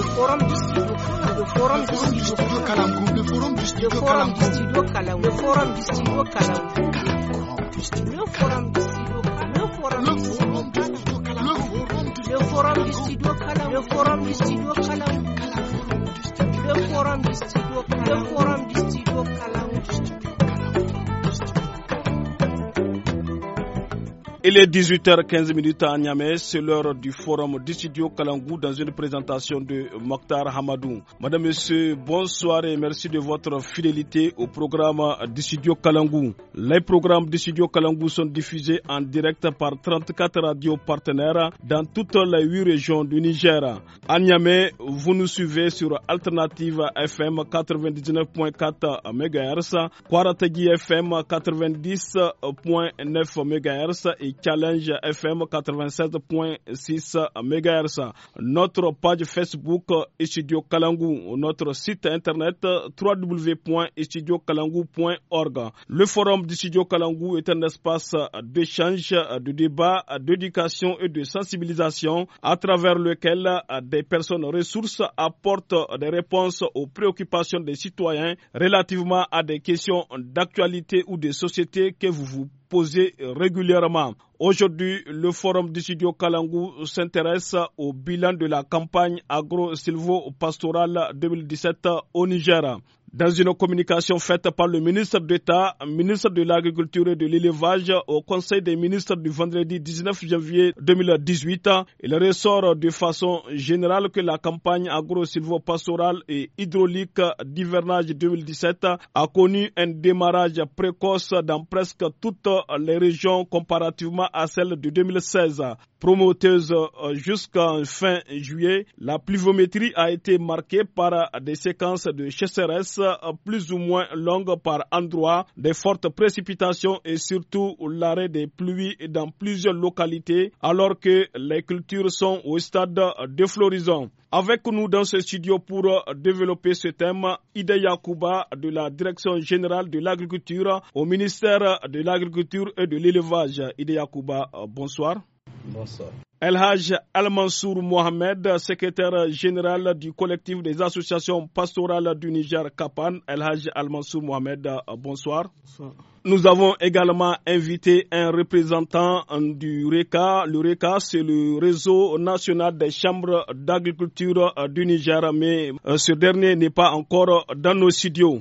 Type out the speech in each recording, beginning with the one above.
the forum district the forum district kalam group the forum district kalam group the forum district kalam group the forum district kalam group the forum district kalam the forum district kalam the forum district kalam the forum district kalam the forum district kalam Il est 18h15 à Niamey, c'est l'heure du forum Distudio studio Kalangou dans une présentation de Mokhtar Hamadou. Madame, Monsieur, bonsoir et merci de votre fidélité au programme Distudio studio Kalangou. Les programmes du studio Kalangou sont diffusés en direct par 34 radios partenaires dans toutes les 8 régions du Niger. À Niamey, vous nous suivez sur Alternative FM 99.4 MHz, quaratagi FM 90.9 MHz et Challenge FM 87.6 MHz, notre page Facebook Studio Kalangu, notre site internet www.studiokalangu.org. Le forum du Studio Kalangu est un espace d'échange, de débat, d'éducation et de sensibilisation à travers lequel des personnes ressources apportent des réponses aux préoccupations des citoyens relativement à des questions d'actualité ou de société que vous vous posé régulièrement. Aujourd'hui, le forum du Kalangou s'intéresse au bilan de la campagne agro-silvo-pastorale 2017 au Niger. Dans une communication faite par le ministre d'État, ministre de l'Agriculture et de l'Élevage au Conseil des ministres du vendredi 19 janvier 2018, il ressort de façon générale que la campagne agro sylvopastorale et hydraulique d'hivernage 2017 a connu un démarrage précoce dans presque toutes les régions comparativement à celle de 2016. Promoteuse jusqu'en fin juillet, la pluviométrie a été marquée par des séquences de chasseresse euh, plus ou moins longues par endroit, des fortes précipitations et surtout l'arrêt des pluies dans plusieurs localités alors que les cultures sont au stade de floraison. Avec nous dans ce studio pour euh, développer ce thème, Ida Yakuba de la Direction générale de l'agriculture au ministère de l'agriculture et de l'élevage. Ida Yakuba, euh, bonsoir. El Haj Al-Mansour Mohamed, secrétaire général du collectif des associations pastorales du Niger Kapan. El Haj Al-Mansour Mohamed, bonsoir. Nous avons également invité un représentant du RECA. Le RECA, c'est le réseau national des chambres d'agriculture du Niger, mais euh, ce dernier n'est pas encore dans nos studios.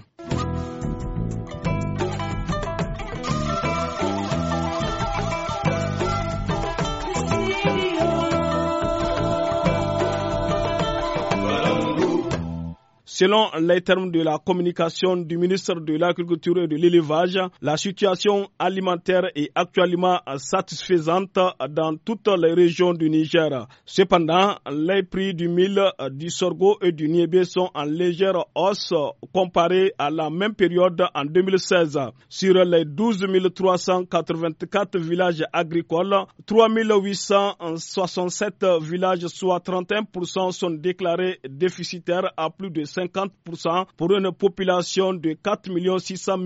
Selon les termes de la communication du ministre de l'Agriculture et de l'Élevage, la situation alimentaire est actuellement satisfaisante dans toutes les régions du Niger. Cependant, les prix du mil, du sorgho et du niébé sont en légère hausse comparé à la même période en 2016. Sur les 12 384 villages agricoles, 3 867 villages, soit 31%, sont déclarés déficitaires à plus de 5 50% pour une population de 4 600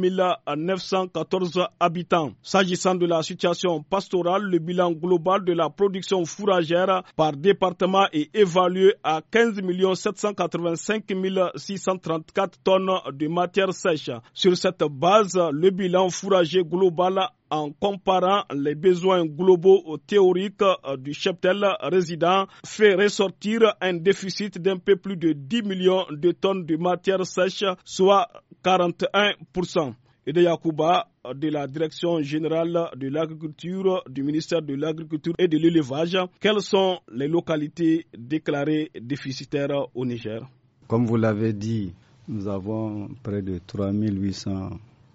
914 habitants. S'agissant de la situation pastorale, le bilan global de la production fourragère par département est évalué à 15 785 634 tonnes de matière sèche. Sur cette base, le bilan fourrager global en comparant les besoins globaux théoriques euh, du cheptel résident fait ressortir un déficit d'un peu plus de 10 millions de tonnes de matière sèche, soit 41%. Et de Yakouba, de la Direction générale de l'agriculture du ministère de l'Agriculture et de l'Élevage, quelles sont les localités déclarées déficitaires au Niger Comme vous l'avez dit, nous avons près de 3800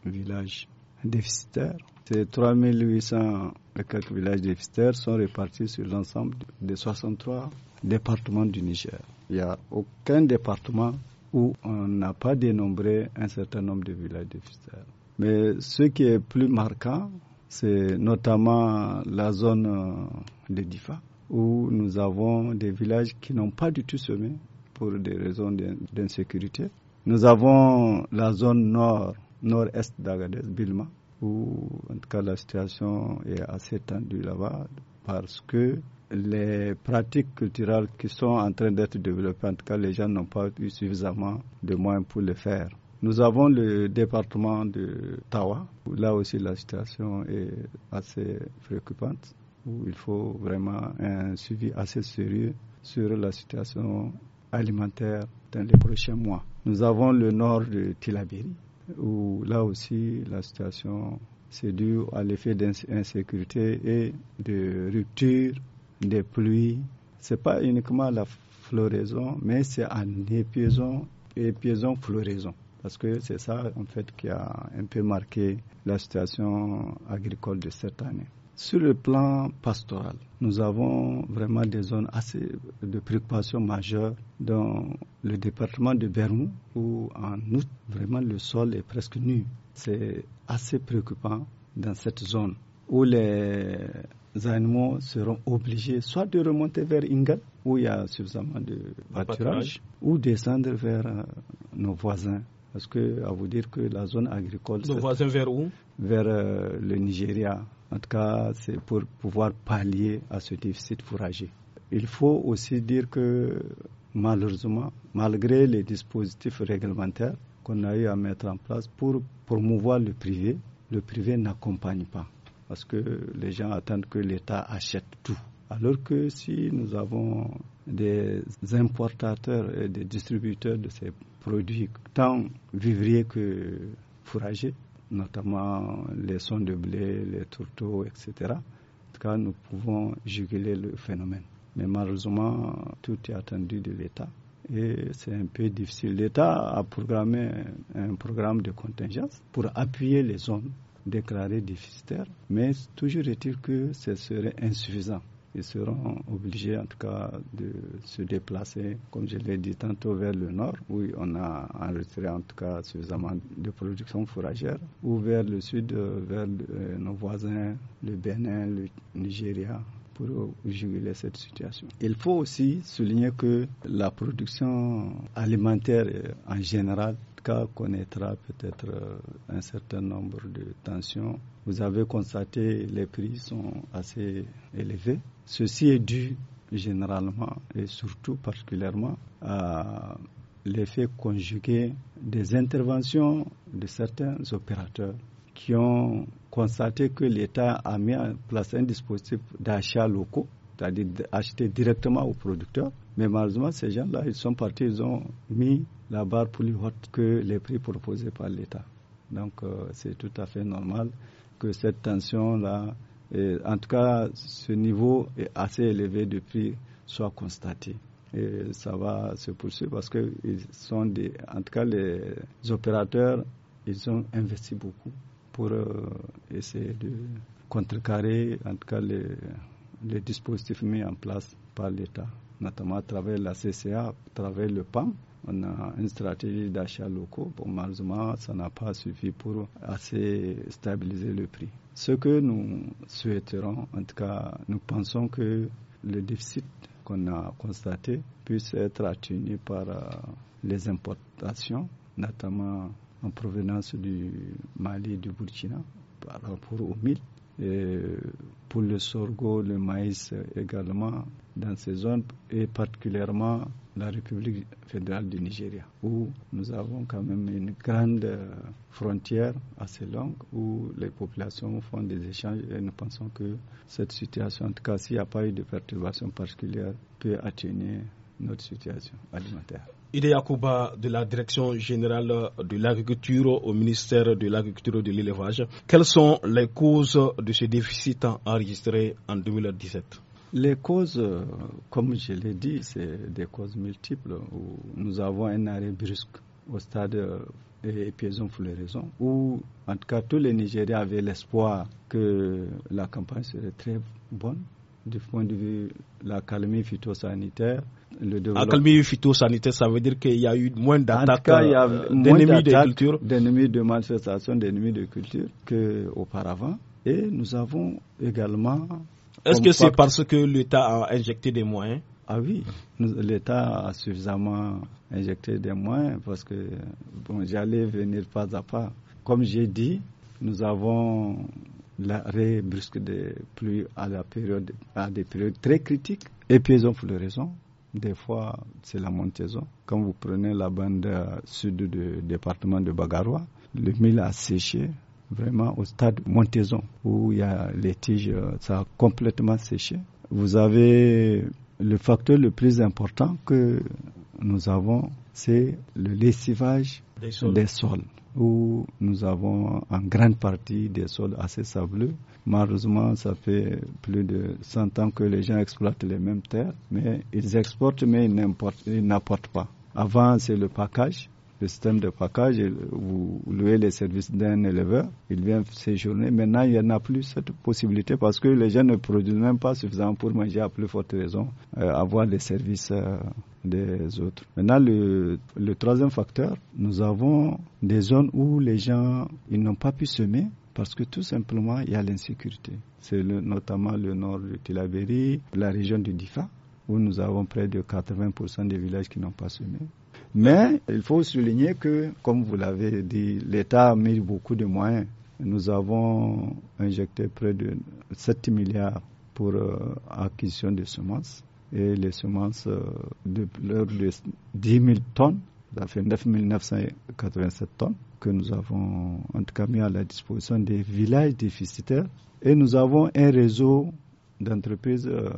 villages déficitaires. Ces 3800 et quelques villages Fister sont répartis sur l'ensemble des 63 départements du Niger. Il n'y a aucun département où on n'a pas dénombré un certain nombre de villages Fister. Mais ce qui est plus marquant, c'est notamment la zone euh, de Difa, où nous avons des villages qui n'ont pas du tout semé pour des raisons d'insécurité. Nous avons la zone nord, nord-est d'Agadez, Bilma, où, en tout cas, la situation est assez tendue là-bas parce que les pratiques culturelles qui sont en train d'être développées, en tout cas, les gens n'ont pas eu suffisamment de moyens pour le faire. Nous avons le département de Tawa, où là aussi la situation est assez préoccupante, où il faut vraiment un suivi assez sérieux sur la situation alimentaire dans les prochains mois. Nous avons le nord de Tilabiri, où là aussi la situation c'est dû à l'effet d'insécurité et de rupture des pluies. C'est pas uniquement la floraison, mais c'est un épiaison, épiaison floraison. Parce que c'est ça, en fait, qui a un peu marqué la situation agricole de cette année. Sur le plan pastoral, nous avons vraiment des zones assez de préoccupation majeure dans le département de Bermou où en août, vraiment le sol est presque nu. C'est assez préoccupant dans cette zone où les animaux seront obligés soit de remonter vers Ingal, où il y a suffisamment de pâturage, ou descendre vers euh, nos voisins. Parce que, à vous dire que la zone agricole. Nos voisins vers où Vers euh, le Nigeria, en tout cas, c'est pour pouvoir pallier à ce déficit fourragé. Il faut aussi dire que malheureusement, malgré les dispositifs réglementaires qu'on a eu à mettre en place pour promouvoir le privé, le privé n'accompagne pas parce que les gens attendent que l'État achète tout. Alors que si nous avons des importateurs et des distributeurs de ces produits, tant vivriers que fourragers, notamment les sons de blé, les tourteaux, etc. En tout cas, nous pouvons juguler le phénomène. Mais malheureusement, tout est attendu de l'État et c'est un peu difficile. L'État a programmé un programme de contingence pour appuyer les zones déclarées déficitaires, mais toujours est-il que ce serait insuffisant ils seront obligés en tout cas de se déplacer, comme je l'ai dit tantôt, vers le nord, où on a enregistré en tout cas suffisamment de production fourragère, ou vers le sud, euh, vers euh, nos voisins, le Bénin, le Nigeria, pour juguler cette situation. Il faut aussi souligner que la production alimentaire euh, en général connaîtra peut-être euh, un certain nombre de tensions. Vous avez constaté les prix sont assez élevés. Ceci est dû généralement et surtout particulièrement à l'effet conjugué des interventions de certains opérateurs qui ont constaté que l'État a mis en place un dispositif d'achat locaux, c'est-à-dire d'acheter directement aux producteurs. Mais malheureusement, ces gens-là, ils sont partis, ils ont mis la barre plus haute que les prix proposés par l'État. Donc euh, c'est tout à fait normal que cette tension-là, en tout cas ce niveau est assez élevé de prix, soit constaté. Et ça va se poursuivre parce que ils sont des, en tout cas les opérateurs, ils ont investi beaucoup pour euh, essayer de contrecarrer en tout cas les, les dispositifs mis en place par l'État, notamment à travers la CCA, à travers le PAM on a une stratégie d'achat locaux. pour malheureusement, ça n'a pas suffi pour assez stabiliser le prix. Ce que nous souhaiterons, en tout cas, nous pensons que le déficit qu'on a constaté puisse être atténué par euh, les importations, notamment en provenance du Mali et du Burkina par rapport au mille Et pour le sorgho, le maïs également, dans ces zones et particulièrement la République fédérale du Nigeria, où nous avons quand même une grande euh, frontière assez longue où les populations font des échanges et nous pensons que cette situation, en tout cas s'il n'y a pas eu de perturbation particulière, peut atténuer notre situation alimentaire. Idéa Kouba de la Direction générale de l'agriculture au ministère de l'agriculture et de l'élevage, quelles sont les causes de ce déficit enregistré en 2017 les causes, euh, comme je l'ai dit, c'est des causes multiples. Où nous avons un arrêt brusque au stade euh, et les floraison, où en tout cas tous les Nigériens avaient l'espoir que la campagne serait très bonne du point de vue de la phytosanitaire. Le La phytosanitaire, ça veut dire qu'il y a eu moins d'attaques d'ennemis de culture D'ennemis de manifestation, d'ennemis de culture qu'auparavant. Et nous avons également est-ce que c'est parce que l'État a injecté des moyens ah oui, l'État a suffisamment injecté des moyens parce que j'allais venir pas à pas. Comme j'ai dit, nous avons l'arrêt brusque des pluies à, la période, à des périodes très critiques. Et puis ils ont raison. Des fois, c'est la montaison. Quand vous prenez la bande sud du département de Bagarois, le mil a séché vraiment au stade montaison où il y a les tiges, euh, ça a complètement séché. Vous avez le facteur le plus important que nous avons, c'est le lessivage des sols. des sols. où nous avons en grande partie des sols assez sableux. Malheureusement, ça fait plus de 100 ans que les gens exploitent les mêmes terres, mais ils exportent, mais ils n'apportent pas. Avant, c'est le package le système de package, vous louez les services d'un éleveur, il vient séjourner. Maintenant, il n'y en a plus cette possibilité parce que les gens ne produisent même pas suffisamment pour manger à plus forte raison, euh, avoir les services euh, des autres. Maintenant, le, troisième facteur, nous avons des zones où les gens ils n'ont pas pu semer parce que tout simplement, il y a l'insécurité. C'est notamment le nord de Tilaberi, la région du Difa, où nous avons près de 80% des villages qui n'ont pas semé. Mais il faut souligner que, comme vous l'avez dit, l'État a mis beaucoup de moyens. Nous avons injecté près de 7 milliards pour l'acquisition euh, acquisition de semences. Et les semences euh, de plus de 10 000 tonnes, ça fait 9 987 tonnes que nous avons en tout cas mis à la disposition des villages déficitaires. Et nous avons un réseau d'entreprises euh,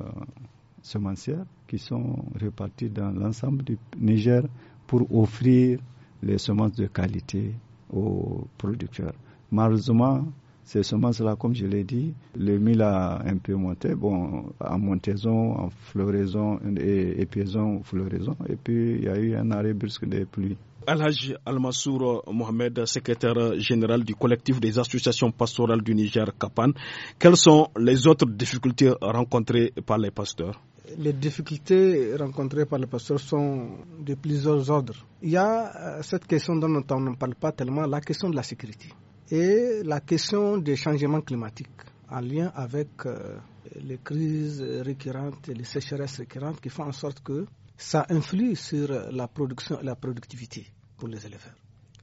semencières qui sont réparties dans l'ensemble du Niger pour offrir les semences de qualité aux producteurs. Malheureusement, ces semences-là, comme je l'ai dit, le mille a un peu monté, bon, en montaison, en floraison, et floraison, et puis il y a eu un arrêt brusque des pluies. Alhaj Al-Massour Mohamed, secrétaire général du collectif des associations pastorales du Niger, Kapan, quelles sont les autres difficultés rencontrées par les pasteurs les difficultés rencontrées par les pasteurs sont de plusieurs ordres. Il y a euh, cette question dont on ne parle pas tellement, la question de la sécurité et la question des changements climatiques en lien avec euh, les crises récurrentes et les sécheresses récurrentes qui font en sorte que ça influe sur euh, la production et la productivité pour les éleveurs.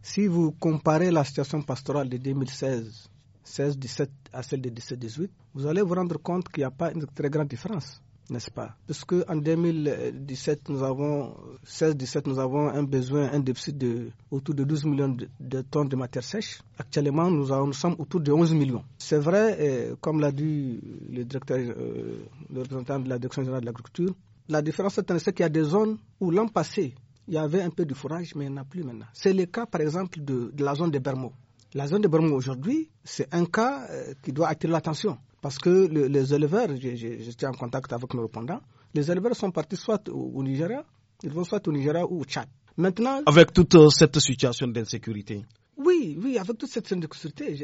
Si vous comparez la situation pastorale de 2016, 16-17 à celle de 17-18, vous allez vous rendre compte qu'il n'y a pas une très grande différence n'est-ce pas Parce que en 2017, nous avons 16-17, nous avons un besoin, un déficit de autour de 12 millions de, tonnes de matière sèche. Actuellement, nous, avons, sommes autour de 11 millions. C'est vrai, euh, comme l'a dit le directeur, euh, le représentant de la direction générale de l'agriculture, la différence c'est qu'il y a des zones où l'an passé il y avait un peu de fourrage, mais il n'y en a plus maintenant. C'est le cas, par exemple, de, la zone de Bermo. La zone de Bermo aujourd'hui, c'est un cas euh, qui doit attirer l'attention parce que les éleveurs, j'étais en contact avec nos répondants, les éleveurs sont partis soit au, au Nigeria, ils vont soit au Nigeria ou au Tchad. Maintenant, avec toute euh, cette situation d'insécurité, oui, oui, avec toute cette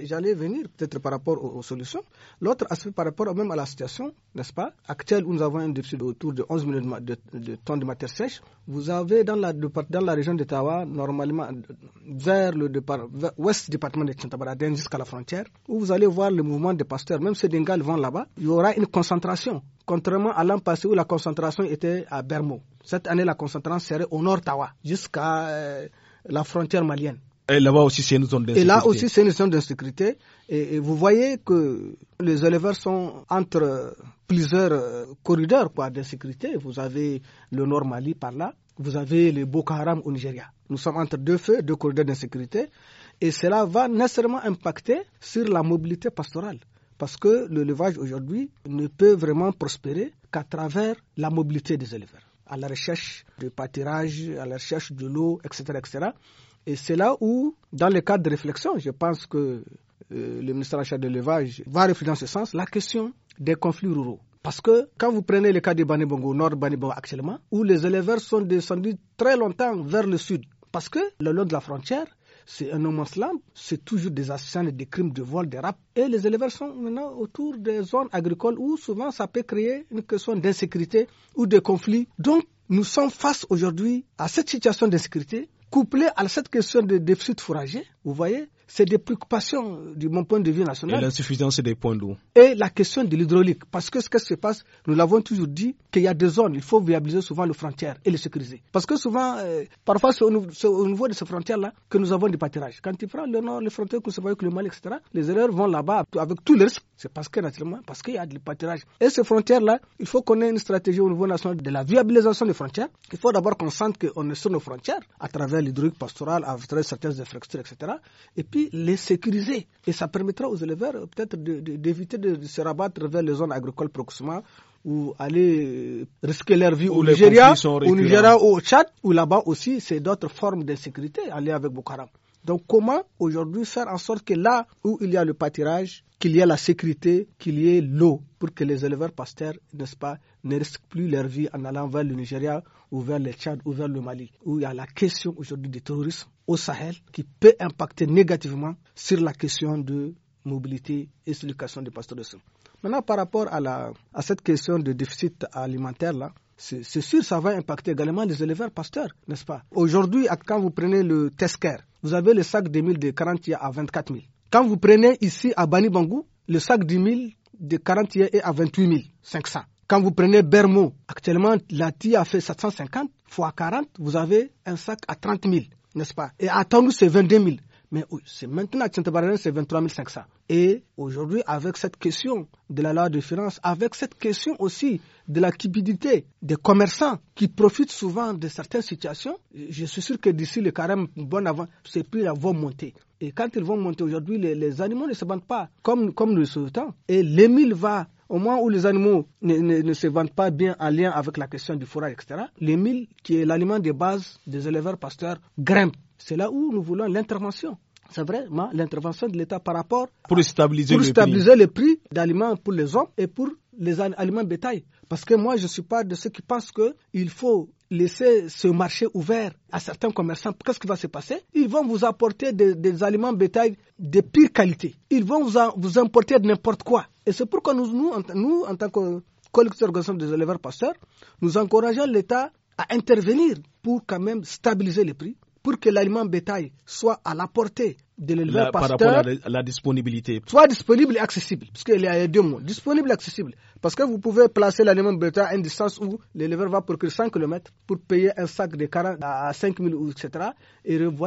j'allais venir peut-être par rapport aux, solutions. L'autre aspect par rapport même à la situation, n'est-ce pas, actuelle où nous avons un déficit autour de 11 millions de, temps de, matière sèche, vous avez dans la, de, dans la région normalement vers le départ, ouest département de là-dans jusqu'à la frontière, où vous allez voir le mouvement des pasteurs, même ces d'engal vont là-bas, il y aura une concentration, contrairement à l'an passé où la concentration était à Bermo. Cette année, la concentration serait au nord Tawa, jusqu'à euh, la frontière malienne. Et là aussi, c'est une zone d'insécurité. Et là aussi, c'est une zone d'insécurité. Et, vous voyez que les éleveurs sont entre plusieurs euh, corridors quoi, d'insécurité. Vous avez le Nord Mali par là. Vous avez le Boko Haram au Nigeria. Nous sommes entre deux feux, deux corridors d'insécurité. Et cela va nécessairement impacter sur la mobilité pastorale. Parce que l'élevage aujourd'hui ne peut vraiment prospérer qu'à travers la mobilité des éleveurs, à la recherche de pâturage, à la recherche de l'eau, etc., etc. Et c'est là où, dans le cadre de réflexion, je pense que euh, le ministre de l'élevage va réfléchir dans ce sens, la question des conflits ruraux. Parce que quand vous prenez le cas de Banibongo, au nord de Banibongo actuellement, où les éleveurs sont descendus très longtemps vers le sud, parce que le long de la frontière, c'est un homme slam, c'est toujours des et des crimes de vol, des rapes. Et les éleveurs sont maintenant autour des zones agricoles où souvent ça peut créer une question d'insécurité ou de conflit. Donc nous sommes face aujourd'hui à cette situation d'insécurité couplé à cette question de déficit fourrager, vous voyez, c'est des préoccupations euh, du mon point de vue national. Et l'insuffisance des points d'eau. Et la question de l'hydraulique. Parce que ce qui se passe, nous l'avons toujours dit, qu'il y a des zones, il faut viabiliser souvent les frontières et les sécuriser. Parce que souvent, euh, parfois, c'est au, niveau de ces frontières-là que nous avons des pâtirages. Quand tu prends le nord, les frontières, que avec le Mali, etc., les erreurs vont là-bas avec tous les risques. C'est parce que, naturellement, parce qu'il y a des pâtirages. Et ces frontières-là, il faut qu'on ait une stratégie au niveau national de la viabilisation des frontières. Il faut d'abord qu'on sente qu'on est sur nos frontières à travers l'hydraulique pastorale, à travers certaines infrastructures, etc. Et puis, les sécuriser. Et ça permettra aux éleveurs euh, peut-être d'éviter de, se rabattre vers les zones agricoles proximes ou aller euh, risquer leur vie au Nigeria, au Tchad, ou là-bas aussi, c'est d'autres formes d'insécurité, aller avec Boko Donc comment aujourd'hui faire en sorte que là où il y a le pâtirage, qu'il y ait la sécurité, qu'il y ait l'eau pour que les éleveurs pasteurs, n'est-ce pas, ne risquent plus leur vie en allant vers le Nigeria ou vers le Tchad ou vers le Mali, où il y a la question aujourd'hui du terrorisme au Sahel qui peut impacter négativement sur la question de mobilité et sur l'éducation des pasteurs de somme. Maintenant, par rapport à, la, à cette question de déficit alimentaire, là, c'est sûr, ça va impacter également les éleveurs pasteurs, n'est-ce pas Aujourd'hui, quand vous prenez le Tesker, vous avez le sac de 1000 de 40 à 24 000. Quand vous prenez ici à Bani Bangou, le sac 10 000 de 40 est à 28 500. Quand vous prenez Bermo, actuellement, la TIA a fait 750 fois 40, vous avez un sac à 30 000, n'est-ce pas Et à Tandou, c'est 22 000. Mais c'est maintenant, à Tchantabarana, c'est 23 500. Et aujourd'hui, avec cette question de la loi de finances, avec cette question aussi de la cupidité des commerçants qui profitent souvent de certaines situations, je suis sûr que d'ici le carême bon avant, ces prix vont monter. Et quand ils vont monter aujourd'hui, les, animaux ne se vendent pas comme, comme le souhaitons. Et l'émile va au moment où les animaux ne, ne, se vendent pas bien en lien avec la question du forage, etc., les qui est l'aliment de base des éleveurs pasteurs, grimpe. C'est là où nous voulons l'intervention. C'est vraiment l'intervention de l'État par rapport pour stabiliser, prix. pour stabiliser les prix d'aliments pour les hommes et pour les aliments bétail. Parce que moi, je ne suis pas de ceux qui pensent qu'il faut laisser ce marché ouvert à certains commerçants, qu'est-ce qui va se passer Ils vont vous apporter des, aliments bétail de pire qualité. Ils vont vous, vous importer n'importe quoi. Et c'est pourquoi nous, nous, en, nous, en tant que collecteurs des éleveurs pasteurs, nous encourageons l'État à intervenir pour quand même stabiliser les prix, pour que l'aliment bétail soit à la portée de l'éleveur pasteur. Par rapport à la, disponibilité. Soit disponible et accessible, parce qu'il y a deux mots, disponible et accessible. Parce que vous pouvez placer l'aliment bétail à une distance où l'éleveur va procurer 100 km pour payer un sac de 40 à 5 000, etc. Et vous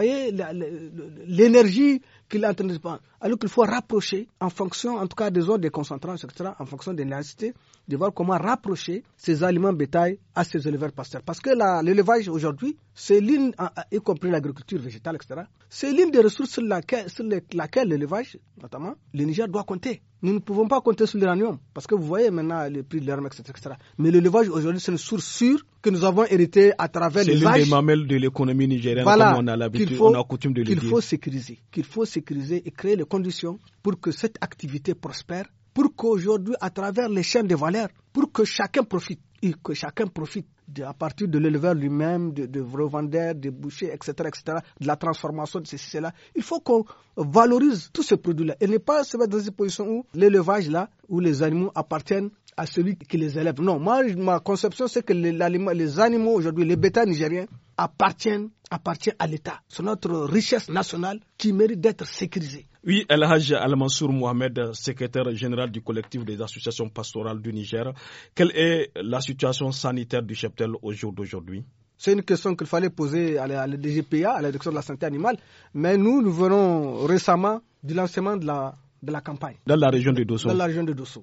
l'énergie qu'il est en train de Alors qu'il faut rapprocher, en fonction en tout cas des ordres de concentration, etc., en fonction des nécessités, de voir comment rapprocher ces aliments bétail à ces éleveurs pasteurs. Parce que l'élevage aujourd'hui, c'est l'une, y compris l'agriculture végétale, etc., c'est l'une des ressources sur laquelle l'élevage, notamment, le Niger doit compter. Nous ne pouvons pas compter sur l'uranium, parce que vous voyez maintenant le prix de l'herbe, etc., etc., Mais l'élevage, aujourd'hui, c'est une source sûre que nous avons héritée à travers les vaches. C'est l'une des de l'économie nigérienne, comme on a l'habitude, on a coutume de le dire. Qu'il faut sécuriser, qu'il faut sécuriser et créer les conditions pour que cette activité prospère, pour qu'aujourd'hui, à travers les chaînes de valeur, pour que chacun profite, et que chacun profite de, à partir de l'éleveur lui-même, de, de revendeur, de bouchers, etc., etc., de la transformation de ceci, cela. Il faut qu'on valorise tous ces produits-là et ne pas se mettre dans une position où l'élevage, là, où les animaux appartiennent à celui qui les élève. Non, ma conception, c'est que les, les animaux aujourd'hui, les bêtas nigériens, appartiennent, appartiennent à l'État. C'est notre richesse nationale qui mérite d'être sécurisée. Oui, El Al-Mansour Mohamed, secrétaire général du collectif des associations pastorales du Niger. Quelle est la situation sanitaire du cheptel au jour d'aujourd'hui c'est une question qu'il fallait poser à la, DGPA, à la direction de la santé animale. Mais nous, nous venons récemment du lancement de la, de la campagne. Dans la région de Dosso. Dans la région de Dosso.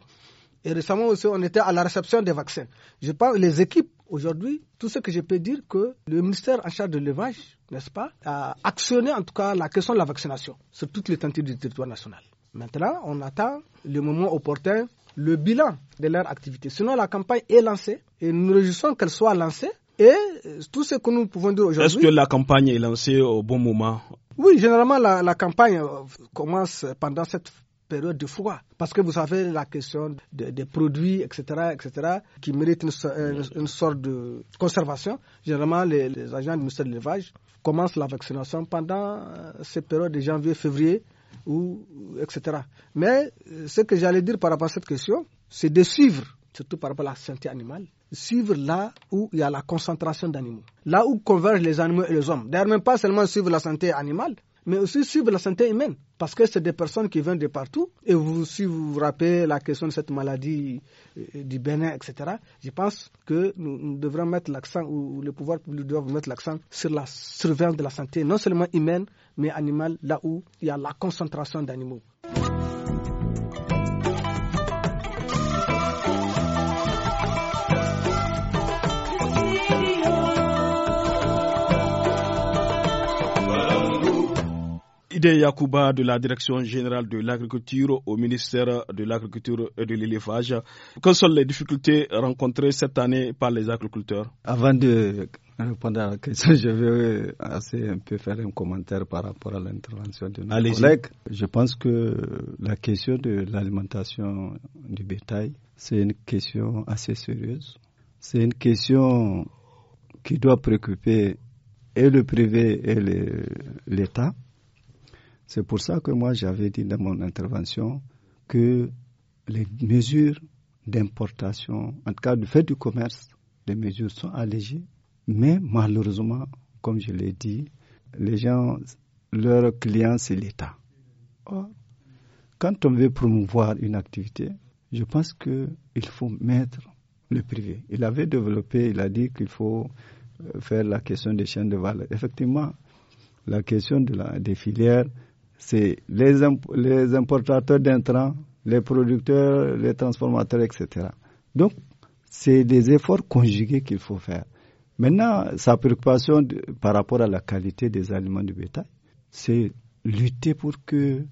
Et récemment aussi, on était à la réception des vaccins. Je pense que les équipes Aujourd'hui, tout ce que je peux dire que le ministère en charge de l'élevage, n'est-ce pas, a actionné en tout cas la question de la vaccination sur toutes les tentatives du territoire national. Maintenant, on attend le moment opportun, le bilan de leur activité. Sinon, la campagne est lancée et nous réjouissons qu'elle soit lancée. Et euh, tout ce que nous pouvons dire aujourd'hui. Est-ce que la campagne est lancée au bon moment oui, généralement, la, la, campagne euh, commence pendant cette période de froid. Parce que vous savez, la question des produits, etc., etc., qui méritent euh, une, sorte de conservation, généralement, les, agents du ministère de l'élevage commencent la vaccination pendant euh, cette période de janvier, février, ou, etc. Mais euh, ce que j'allais dire par rapport à cette question, c'est de suivre, surtout par rapport à la santé animale, suivre là où il y a la concentration d'animaux, là où convergent les animaux et les hommes. D'ailleurs, même pas seulement suivre la santé animale, mais aussi suivre la santé humaine, parce que c'est des personnes qui viennent de partout. Et si vous vous rappelez la question de cette maladie euh, du Bénin, etc., je pense que nous, devrons mettre l'accent, ou, le pouvoir public doit mettre l'accent sur la surveillance de la santé, non seulement humaine, mais animale, là où il y a la concentration d'animaux. de Yakuba de la Direction générale de l'agriculture au ministère de l'Agriculture et de l'élevage. Quelles sont les difficultés rencontrées cette année par les agriculteurs Avant de répondre à la question, je vais assez un peu faire un commentaire par rapport à l'intervention de nos collègues. Je pense que la question de l'alimentation du bétail, c'est une question assez sérieuse. C'est une question qui doit préoccuper et le privé et l'État. C'est pour ça que moi j'avais dit dans mon intervention que les mesures d'importation, en tout cas de fait du commerce, les mesures sont allégées. Mais malheureusement, comme je l'ai dit, les gens, leur clients, c'est l'État. Or, quand on veut promouvoir une activité, je pense qu'il faut mettre le privé. Il avait développé, il a dit qu'il faut euh, faire la question des chaînes de valeur. Effectivement, la question de la, des filières, c'est les, les importateurs d'intrants, les producteurs, les transformateurs, etc. Donc, c'est des efforts conjugués qu'il faut faire. Maintenant, sa préoccupation par rapport à la qualité des aliments du bétail, c'est lutter pour que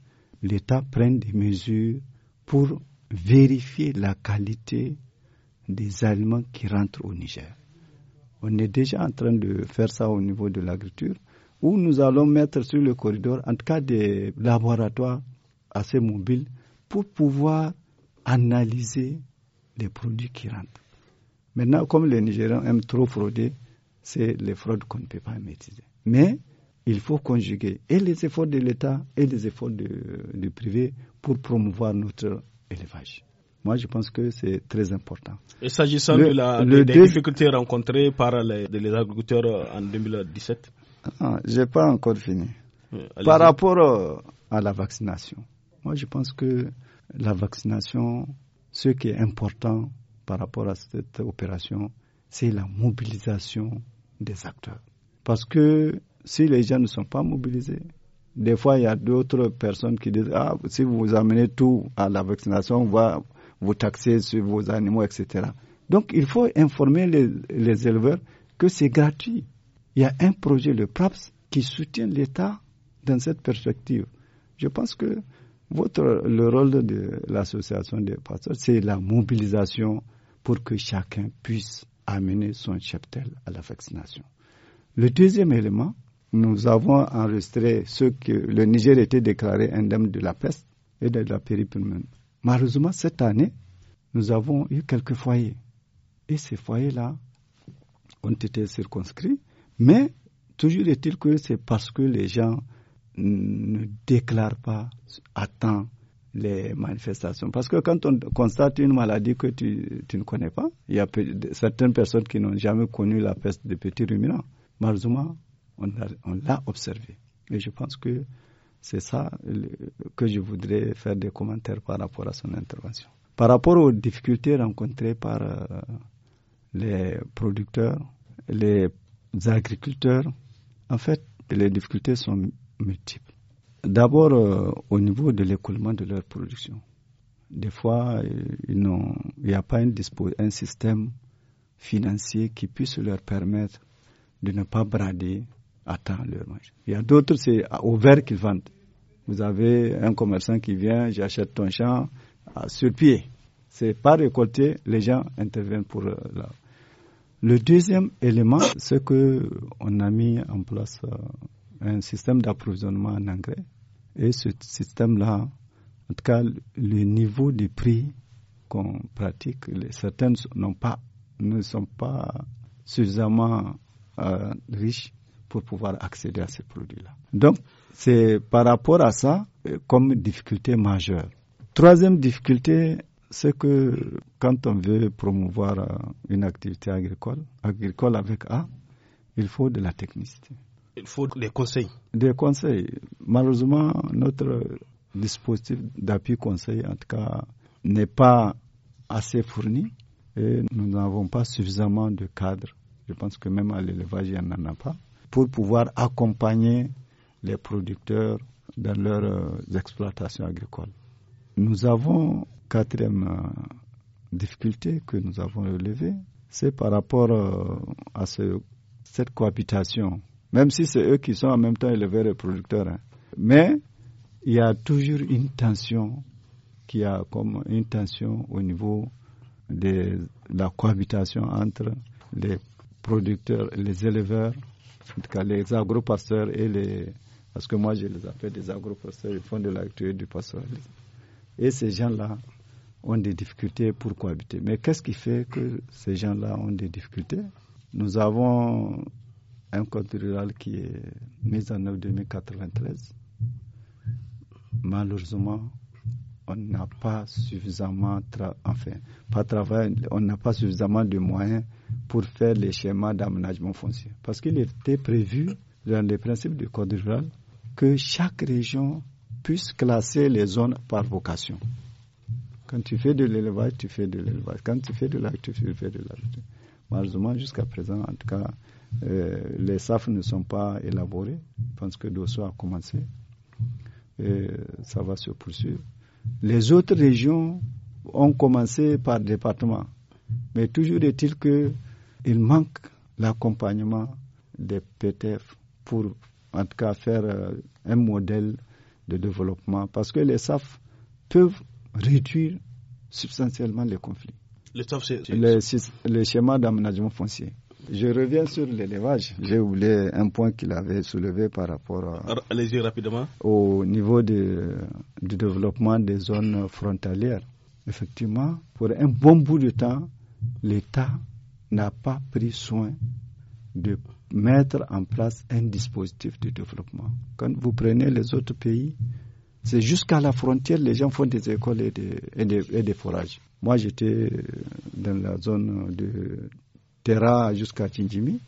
l'État prenne des mesures pour vérifier la qualité des aliments qui rentrent au Niger. On est déjà en train de faire ça au niveau de l'agriculture où nous allons mettre sur le corridor, en tout cas des laboratoires assez mobiles, pour pouvoir analyser les produits qui rentrent. Maintenant, comme les Nigériens aiment trop frauder, c'est les fraudes qu'on ne peut pas maîtriser. Mais il faut conjuguer et les efforts de l'État et les efforts du privé pour promouvoir notre élevage. Moi, je pense que c'est très important. Et s'agissant de des difficultés rencontrées par les, les agriculteurs en 2017 ah, je n'ai pas encore fini. Par rapport euh, à la vaccination, moi je pense que la vaccination, ce qui est important par rapport à cette opération, c'est la mobilisation des acteurs. Parce que si les gens ne sont pas mobilisés, des fois il y a d'autres personnes qui disent Ah, si vous amenez tout à la vaccination, on va vous taxer sur vos animaux, etc. Donc il faut informer les éleveurs que c'est gratuit il y a un projet, le PRAPS, qui soutient l'État dans cette perspective. Je pense que votre, le rôle de l'association des pasteurs, c'est la mobilisation pour que chacun puisse amener son cheptel à la vaccination. Le deuxième élément, nous avons enregistré ce que le Niger était déclaré indemne de la peste et de la péripulmine. Malheureusement, cette année, nous avons eu quelques foyers. Et ces foyers-là ont été circonscrits mais toujours est-il que c'est parce que les gens ne déclarent pas à temps les manifestations. Parce que quand on constate une maladie que tu, ne connais pas, il y a certaines personnes qui n'ont jamais connu la peste des petits ruminants. Malheureusement, on l'a observé. Et je pense que c'est ça que je voudrais faire des commentaires par rapport à son intervention. Par rapport aux difficultés rencontrées par euh, les producteurs, les les agriculteurs, en fait, les difficultés sont multiples. D'abord, euh, au niveau de l'écoulement de leur production. Des fois, euh, il n'y a pas un, système financier qui puisse leur permettre de ne pas brader à temps leur marché. Il y a d'autres, c'est au verre qu'ils vendent. Vous avez un commerçant qui vient, j'achète ton champ ah, sur pied. C'est pas récolté, les gens interviennent pour euh, la le deuxième élément, c'est que on a mis en place euh, un système d'approvisionnement en engrais. Et ce système-là, en tout cas, le niveau des prix qu'on pratique, certaines pas, ne sont pas suffisamment euh, riches pour pouvoir accéder à ces produits-là. Donc, c'est par rapport à ça euh, comme difficulté majeure. Troisième difficulté, c'est que quand on veut promouvoir euh, une activité agricole, agricole avec A, il faut de la technicité. Il faut des conseils. Des conseils. Malheureusement, notre dispositif d'appui conseil, en tout cas, n'est pas assez fourni et nous n'avons pas suffisamment de cadres. Je pense que même à l'élevage, il n'y en a pas. Pour pouvoir accompagner les producteurs dans leurs euh, exploitations agricoles. Nous avons quatrième euh, difficulté que nous avons relevée, c'est par rapport euh, à cette cohabitation. Même si c'est eux qui sont en même temps éleveurs et producteurs. Hein. Mais il y a toujours une tension qui a comme une tension au niveau de la cohabitation entre les producteurs, les éleveurs, en tout cas les agro-pasteurs et les. Parce que moi je les appelle des agro-pasteurs, ils font de l'actuel du pastoralisme. Et ces gens-là, ont des difficultés pour cohabiter. Mais qu'est-ce qui fait que ces gens-là ont des difficultés Nous avons un code rural qui est mis en œuvre en 1993. Malheureusement, on n'a pas suffisamment, enfin, pas travail, on n'a pas suffisamment de moyens pour faire les schémas d'aménagement foncier. Parce qu'il était prévu dans les principes du code rural que chaque région puisse classer les zones par vocation. Quand tu fais de l'élevage, tu fais de l'élevage. Quand tu fais de l'agriculture, tu fais de l'agriculture. Malheureusement, jusqu'à présent, en tout cas, euh, les SAF ne sont pas élaborés. Je pense que Dosso a commencé. Et ça va se poursuivre. Les autres régions ont commencé par département. Mais toujours est-il qu'il manque l'accompagnement des PTF pour, en tout cas, faire euh, un modèle de développement. Parce que les SAF peuvent réduire substantiellement les conflits. Le, schéma d'aménagement foncier. Je reviens sur l'élevage. J'ai oublié un point qu'il avait soulevé par rapport à, rapidement. au niveau de, du développement des zones frontalières. Effectivement, pour un bon bout de temps, l'État n'a pas pris soin de mettre en place un dispositif de développement. Quand vous prenez les autres pays, c'est jusqu'à la frontière, les gens font des écoles et des, des, forages. Moi, j'étais euh, dans la zone de Terra jusqu'à Tindjimi.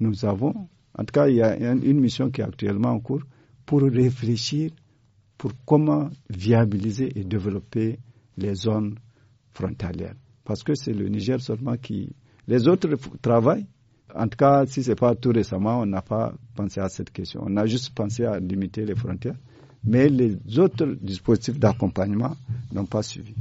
Nous avons, en tout cas, il y a une mission qui est actuellement en cours pour réfléchir pour comment viabiliser et développer les zones frontalières. Parce que c'est le Niger seulement qui. Les autres travaillent. En tout cas, si ce n'est pas tout récemment, on n'a pas pensé à cette question. On a juste pensé à limiter les frontières mais les autres dispositifs d'accompagnement n'ont pas suivi.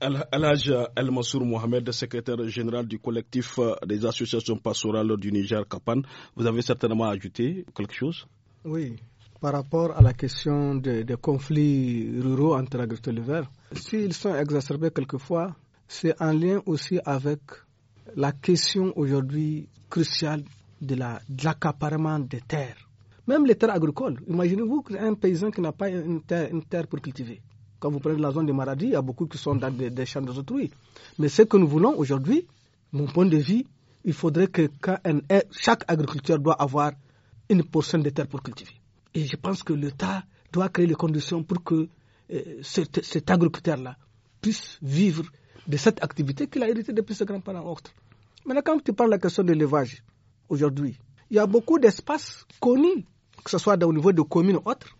Alhaj El-Massour Mohamed, secrétaire général du collectif euh, des associations pastorales du Niger Kapan, vous avez certainement ajouté quelque chose Oui, par rapport à la question des conflits ruraux entre agriculteurs et l'hiver, s'ils sont exacerbés quelquefois, c'est en lien aussi avec la question aujourd'hui cruciale de l'accaparement des terres même les terres agricoles. Imaginez-vous un paysan qui n'a pas une terre, pour cultiver. Quand vous prenez la zone des maladies, il y a beaucoup qui sont dans des, champs d'autrui. Mais ce que nous voulons aujourd'hui, mon point de vue, il faudrait que chaque agriculteur doit avoir une portion de terre pour cultiver. Et je pense que l'État doit créer les conditions pour que euh, cet, agriculteur-là puisse vivre de cette activité qu'il a héritée depuis ses grands-parents autres. Maintenant, quand tu parles de la question de l'élevage, aujourd'hui, il y a beaucoup d'espaces connus que ce soit au niveau de communes ou autres,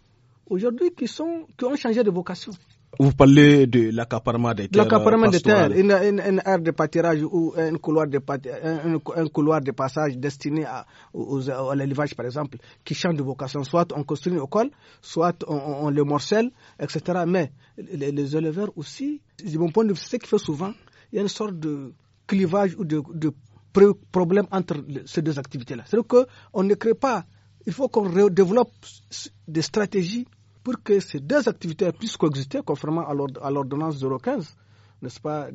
aujourd'hui qui, sont, qui ont changé de vocation. Vous parlez de l'accaparement des terres. L'accaparement des terres, une, une, aire de pâturage ou un couloir de, un, un couloir de passage destiné à, l'élevage, par exemple, qui change de vocation. Soit on construit une école, soit on, on, le morcelle, etc. Mais les, éleveurs aussi, de mon point de vue, c'est ce qui fait souvent. Il y a une sorte de clivage ou de, de problème entre ces deux activités-là. C'est-à-dire qu'on ne crée pas il faut qu'on développe des stratégies pour que ces deux activités puissent coexister conformément à l'ordonnance 015, n'est-ce pas,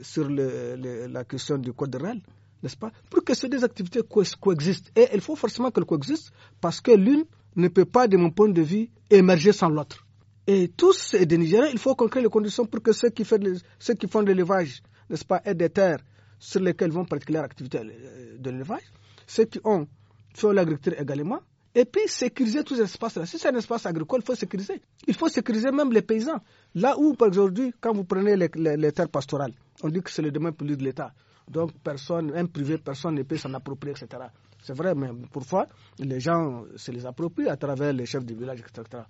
sur la question du code réel, n'est-ce pas, pour que ces deux activités coexistent. Et il faut forcément qu'elles coexistent parce que l'une ne peut pas, de mon point de vue, émerger sans l'autre. Et tous ces Nigériens, il faut qu'on crée les conditions pour que ceux qui, font de, ceux qui font l'élevage, n'est-ce pas, aient des terres sur lesquelles vont pratiquer leur activité euh, de l'élevage, ceux qui ont sur l'agriculture également. Et puis sécuriser tous ces espaces-là. Si c'est un espace agricole, il faut sécuriser. Il faut sécuriser même les paysans. Là où, par aujourd'hui, quand vous prenez les, terres pastorales, on dit que c'est le domaine public de l'État. Donc, personne, un privé, personne ne peut s'en approprier, etc. C'est vrai, mais parfois, les gens se les approprient à travers les chefs du village, etc.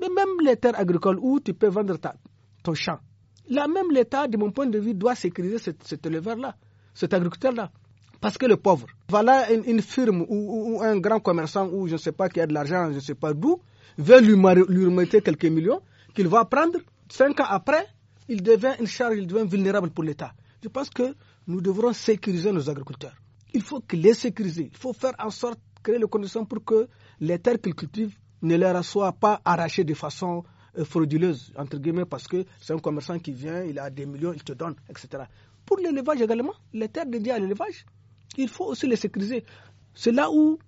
Mais même les terres agricoles où tu peux vendre ta, ton champ, là même l'État, de mon point de vue, doit sécuriser cet éleveur-là, cet agriculteur-là. Parce que le pauvre, voilà une, une firme ou, un grand commerçant ou je ne sais pas qui a de l'argent, je ne sais pas d'où, veut lui, lui remettre quelques millions qu'il va prendre. Cinq ans après, il devient une charge, il devient vulnérable pour l'État. Je pense que nous devrons sécuriser nos agriculteurs. Il faut les sécuriser. Il faut faire en sorte, créer les conditions pour que les terres qu'ils cultivent ne leur soient pas arrachées de façon euh, frauduleuse, entre guillemets, parce que c'est un commerçant qui vient, il a des millions, il te donne, etc. Pour l'élevage également, les terres dédiées à l'élevage, il faut aussi les sécuriser. C'est là où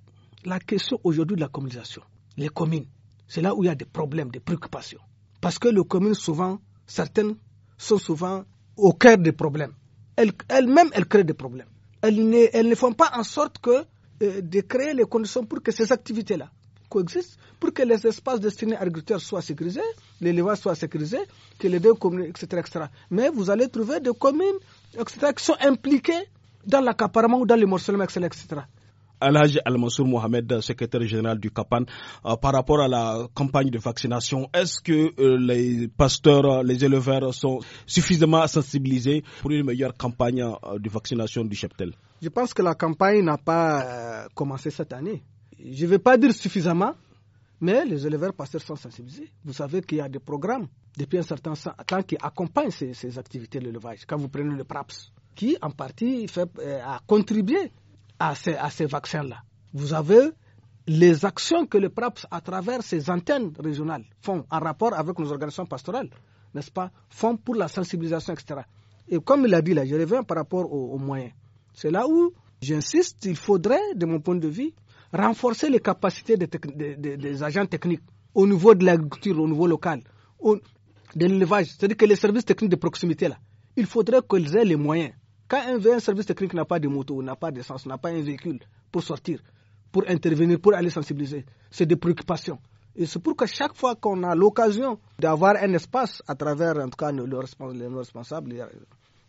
la question aujourd'hui de la communisation, les communes, c'est là où il y a des problèmes, des préoccupations. Parce que les communes, souvent, certaines sont souvent au cœur des problèmes. Elles-mêmes, elles, créent des problèmes. Elles ne, font pas en sorte que euh, de créer les conditions pour que ces activités-là coexistent, pour que les espaces destinés à l'agriculture soient sécurisés, les levages soient sécurisés, que les deux communes, etc., etc. Mais vous allez trouver des communes, etc., qui sont impliquées dans l'accaparement ou dans le morcellement, etc. etc. Al-Mansour Mohamed, secrétaire général du CAPAN, euh, par rapport à la campagne de vaccination, est-ce que euh, les pasteurs, les éleveurs sont suffisamment sensibilisés pour une meilleure campagne euh, de vaccination du cheptel Je pense que la campagne n'a pas commencé cette année. Je ne vais pas dire suffisamment, mais les éleveurs pasteurs sont sensibilisés. Vous savez qu'il y a des programmes depuis un certain temps qui accompagnent ces, ces activités d'élevage. Quand vous prenez le PRAPS, qui, en partie, euh, a contribué à ces, vaccins-là. Vous avez les actions que le PRAPS, à travers ses antennes régionales, font en rapport avec nos organisations pastorales, n'est-ce pas, font pour la sensibilisation, etc. Et comme il a dit là, je reviens par rapport aux, moyens. C'est là où j'insiste, il faudrait, de mon point de vue, renforcer les capacités des, agents techniques au niveau de l'agriculture, au niveau local, de l'élevage, c'est-à-dire que les services techniques de proximité, là, il faudrait qu'ils aient les moyens quand un, service technique n'a pas de moto, n'a pas d'essence, n'a pas un véhicule pour sortir, pour intervenir, pour aller sensibiliser, c'est des préoccupations. Et c'est pour que chaque fois qu'on a l'occasion d'avoir un espace à travers, en tout cas, nos, responsables,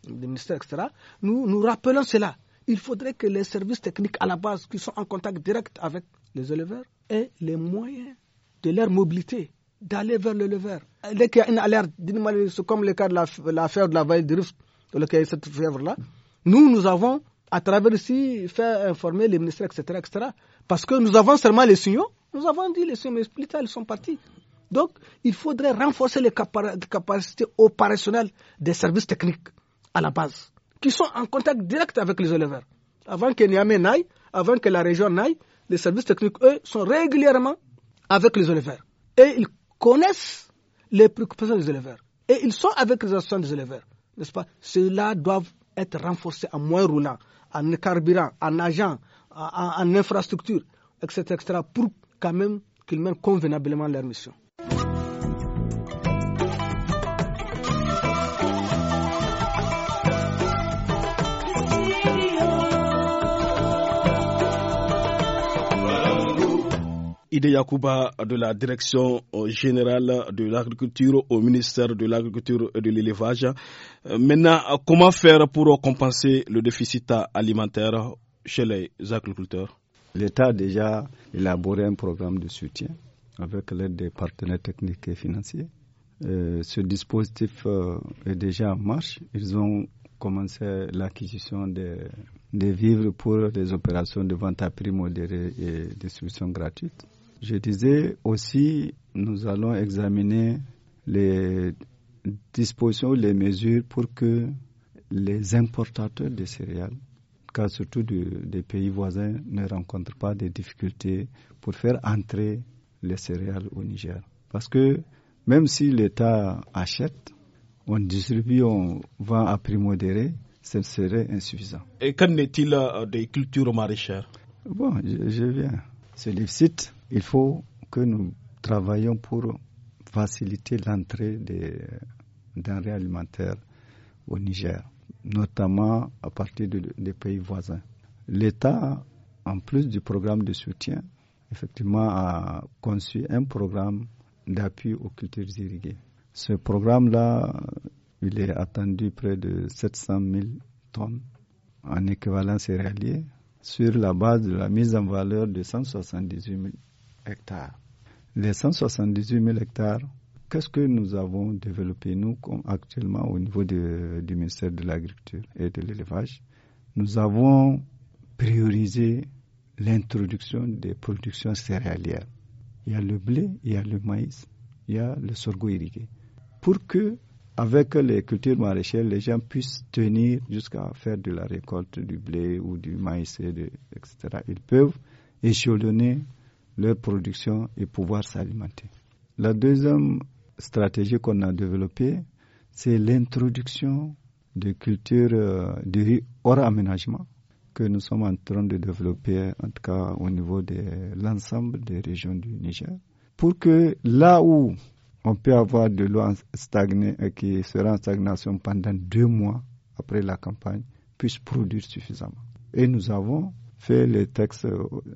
les ministères, etc., nous, nous rappelons cela. Il faudrait que les services techniques à la base, qui sont en contact direct avec les éleveurs, aient les moyens de leur mobilité, d'aller vers l'éleveur. Dès qu'il y a une alerte, c'est comme le cas de l'affaire de la vallée de russe le de cette fièvre-là, nous, nous avons, à travers ici, fait informer les ministres, etc., etc. Parce que nous avons seulement les signaux. Nous avons dit les signaux, mais ils sont partis. Donc, il faudrait renforcer les capacités opérationnelles des services techniques à la base, qui sont en contact direct avec les éleveurs. Avant que Niamey n'aille, avant que la région n'aille, les services techniques, eux, sont régulièrement avec les éleveurs. Et ils connaissent les préoccupations des éleveurs. Et ils sont avec les associations des éleveurs n'est-ce pas Ceux-là doivent être renforcés en moyens roulants, en carburant, en agents, en, infrastructure, etc., etc., pour quand même qu'ils mènent convenablement leur mission. Ide Yakuba de la Direction générale de l'agriculture au ministère de l'Agriculture et de l'Élevage. Euh, maintenant, comment faire pour compenser le déficit alimentaire chez les agriculteurs L'État a déjà élaboré un programme de soutien avec l'aide des partenaires techniques et financiers. Euh, ce dispositif euh, est déjà en marche. Ils ont commencé l'acquisition des, des vivres pour les opérations de vente à prix modéré et distribution gratuite. Je disais aussi, nous allons examiner les dispositions, les mesures pour que les importateurs de céréales, car surtout des pays voisins, ne rencontrent pas des difficultés pour faire entrer les céréales au Niger. Parce que même si l'État achète, on distribue, on vend à prix modéré, ce serait insuffisant. Et qu'en est-il euh, des cultures maraîchères Bon, je, viens. C'est le il faut que nous travaillions pour faciliter l'entrée des denrées alimentaires au Niger, notamment à partir des pays voisins. L'État, en plus du programme de soutien, effectivement a conçu un programme d'appui aux cultures irriguées. Ce programme-là, il est attendu près de 700 000 tonnes en équivalent céréalier sur la base de la mise en valeur de 178 000 hectares. Les 178 000 hectares, qu'est-ce que nous avons développé, nous, actuellement au niveau du ministère de l'Agriculture et de l'Élevage Nous avons priorisé l'introduction des productions céréalières. Il y a le blé, il y a le maïs, il y a le sorgho irrigué. Pour que, avec les cultures maraîchères, les gens puissent tenir jusqu'à faire de la récolte du blé ou du maïs, etc. Ils peuvent échelonner leur production et pouvoir s'alimenter. La deuxième stratégie qu'on a développée, c'est l'introduction de cultures euh, de riz hors aménagement que nous sommes en train de développer, en tout cas au niveau de l'ensemble des régions du Niger, pour que là où on peut avoir de l'eau stagnée euh, qui sera en stagnation pendant deux mois après la campagne, puisse produire suffisamment. Et nous avons fait les textes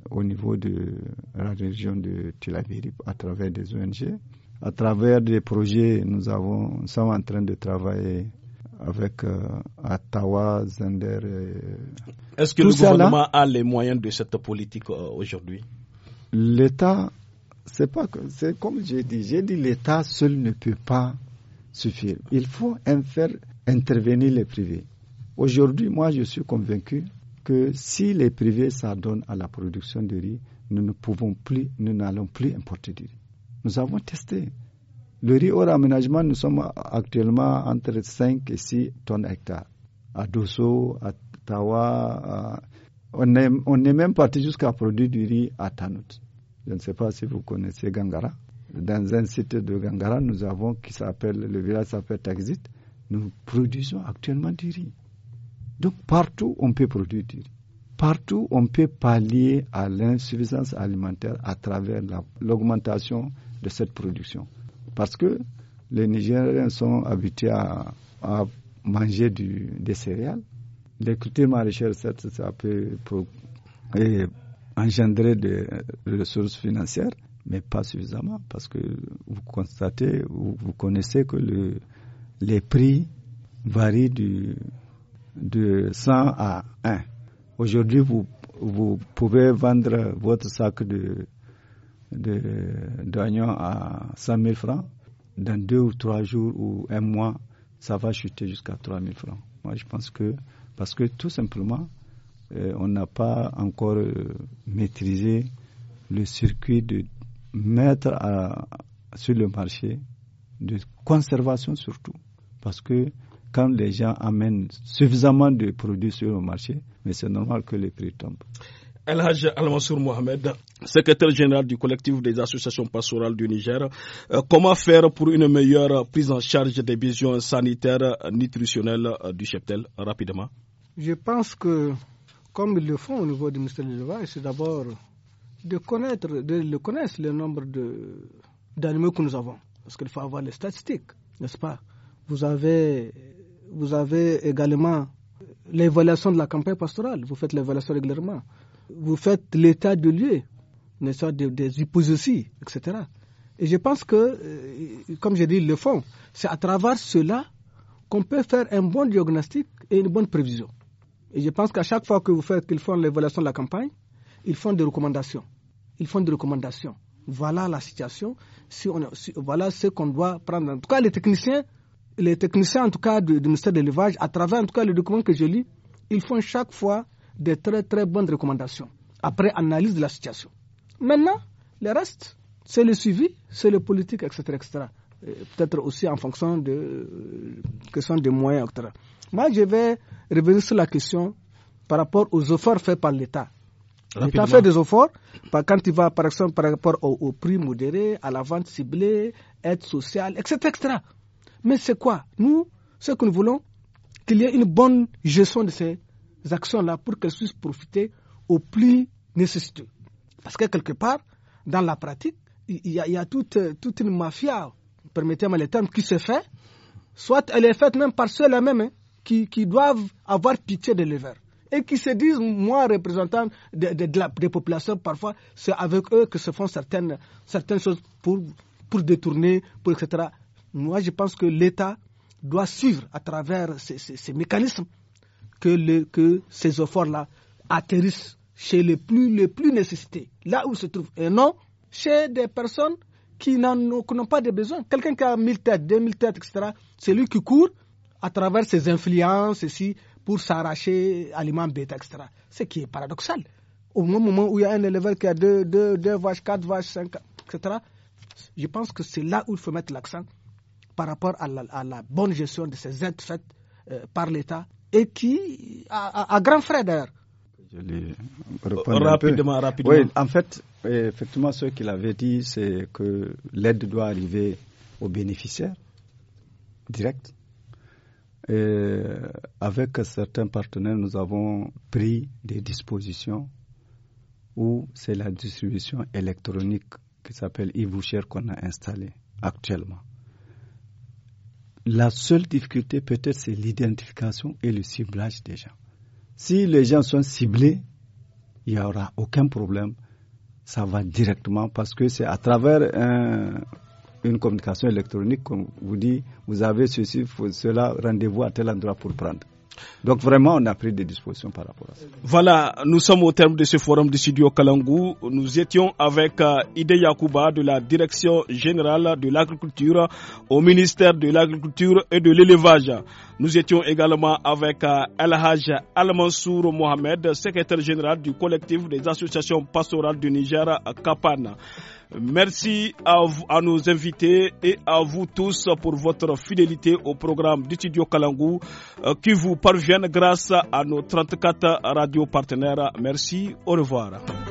au niveau de la région de Tel à travers des ONG. À travers des projets, nous, avons, sommes en train de travailler avec euh, Zender. Est-ce que le gouvernement a les moyens de cette politique euh, aujourd'hui L'État, c'est pas c'est comme j'ai dit, j'ai dit l'État seul ne peut pas suffire. Il faut faire intervenir les privés. Aujourd'hui, moi, je suis convaincu que si les privés s'adonnent à la production de riz, nous ne pouvons plus, nous n'allons plus importer du riz. Nous avons testé. Le riz hors aménagement, nous sommes actuellement entre 5 et 6 tonnes hectares. À Dosso, à Tawa, on, est, même parti jusqu'à produire du riz à Tanout. Je ne sais pas si vous connaissez Gangara. Dans un site de Gangara, nous avons qui s'appelle, le village s'appelle Taxit. Nous produisons actuellement du riz. Donc partout, on peut produire. Partout, on peut pallier à l'insuffisance alimentaire à travers l'augmentation de cette production. Parce que les Nigériens sont habitués à, manger des céréales. Les cultures maraîchères, ça, peut engendrer des ressources financières, mais pas suffisamment, parce que vous constatez, vous, connaissez que les prix varient du, de 100 à 1. Aujourd'hui, vous, pouvez vendre votre sac de d'oignons à 100 000 francs. Dans deux ou trois jours ou un mois, ça va chuter jusqu'à 3 000 francs. Moi, je pense que, parce que tout simplement, euh, on n'a pas encore euh, maîtrisé le circuit de mettre sur le marché, de conservation surtout. Parce que quand les gens amènent suffisamment de produits sur le marché, mais c'est normal que les prix tombent. El Al-Mansour Mohamed, secrétaire général du collectif des associations pastorales du Niger. Euh, comment faire pour une meilleure prise en charge des visions sanitaires, nutritionnelles euh, du cheptel, rapidement Je pense que, comme ils le font au niveau du ministère de l'Élevage, c'est d'abord de connaître, de le connaître le nombre d'animaux que nous avons. Parce qu'il faut avoir les statistiques, n'est-ce pas Vous avez vous avez également l'évaluation de la campagne pastorale. Vous faites l'évaluation régulièrement. Vous faites l'état de lieu, n'est-ce des, des hypothèses, etc. Et je pense que, euh, comme j'ai dit, le fond, C'est à travers cela qu'on peut faire un bon diagnostic et une bonne prévision. Et je pense qu'à chaque fois que vous faites qu'ils font l'évaluation de la campagne, ils font des recommandations. Ils font des recommandations. Voilà la situation. Si on, voilà ce qu'on doit prendre. En tout cas, les techniciens les techniciens, en tout cas, du, ministère de l'élevage, à travers, en tout cas, les documents que je lis, ils font chaque fois des très, très bonnes recommandations, après analyse de la situation. Maintenant, le reste, c'est le suivi, c'est le politique, etc., etc. Peut-être aussi en fonction de euh, question des moyens, etc. Moi, je vais revenir sur la question par rapport aux efforts faits par l'État. L'État fait des efforts par, quand il va, par exemple, par rapport au, prix modéré, à la vente ciblée, aide sociale, etc., etc. Mais c'est quoi Nous, ce que nous voulons, qu'il y ait une bonne gestion de ces actions-là pour qu'elles puissent profiter aux plus nécessiteux. Parce que quelque part, dans la pratique, il y a, toute, une mafia, permettez-moi les terme, qui se fait. Soit elle est faite même par ceux-là même hein, qui, doivent avoir pitié de l'hiver et qui se disent, moi, représentant de, des populations, parfois, c'est avec eux que se font certaines, certaines choses pour, pour détourner, pour etc moi je pense que l'État doit suivre à travers ces, mécanismes que, ces efforts-là atterrissent chez les plus, les plus nécessités, là où se trouvent, et non chez des personnes qui n'ont pas de besoins. Quelqu'un qui a 1000 têtes, 2000 têtes, etc., c'est lui qui court à travers ses influences ici pour s'arracher aliments bêta, etc. Ce qui est paradoxal. Au moment où il y a un éleveur qui a 2, deux, deux vaches, 4 vaches, cinq, etc., je pense que c'est là où il faut mettre l'accent par rapport à la, bonne gestion de ces aides faites euh, par l'État et qui, a grand frais d'ailleurs. Je rapidement, rapidement. Oui, en fait, effectivement, ce qu'il avait dit, c'est que l'aide doit arriver aux bénéficiaires directs. avec certains partenaires, nous avons pris des dispositions où c'est la distribution électronique qui s'appelle e qu'on a installée actuellement. La seule difficulté peut-être c'est l'identification et le ciblage des gens. Si les gens sont ciblés, il n'y aura aucun problème. Ça va directement parce que c'est à travers une communication électronique qu'on vous dit, vous avez ceci, cela, rendez-vous à tel endroit pour prendre. Donc vraiment, on a pris des dispositions par rapport à ça. Voilà, nous sommes au terme de ce forum du studio Kalangou. Nous étions avec euh, Ide Yakuba de la Direction générale de l'agriculture au ministère de l'Agriculture et de l'élevage. Nous étions également avec euh, El Haj Al-Mansour Mohamed, secrétaire général du collectif des associations pastorales du Niger à Kapana. Merci à, nos invités et à vous tous pour votre fidélité au programme du Kalangou euh, qui vous parvient grâce à nos 34 radios partenaires. Merci, au revoir.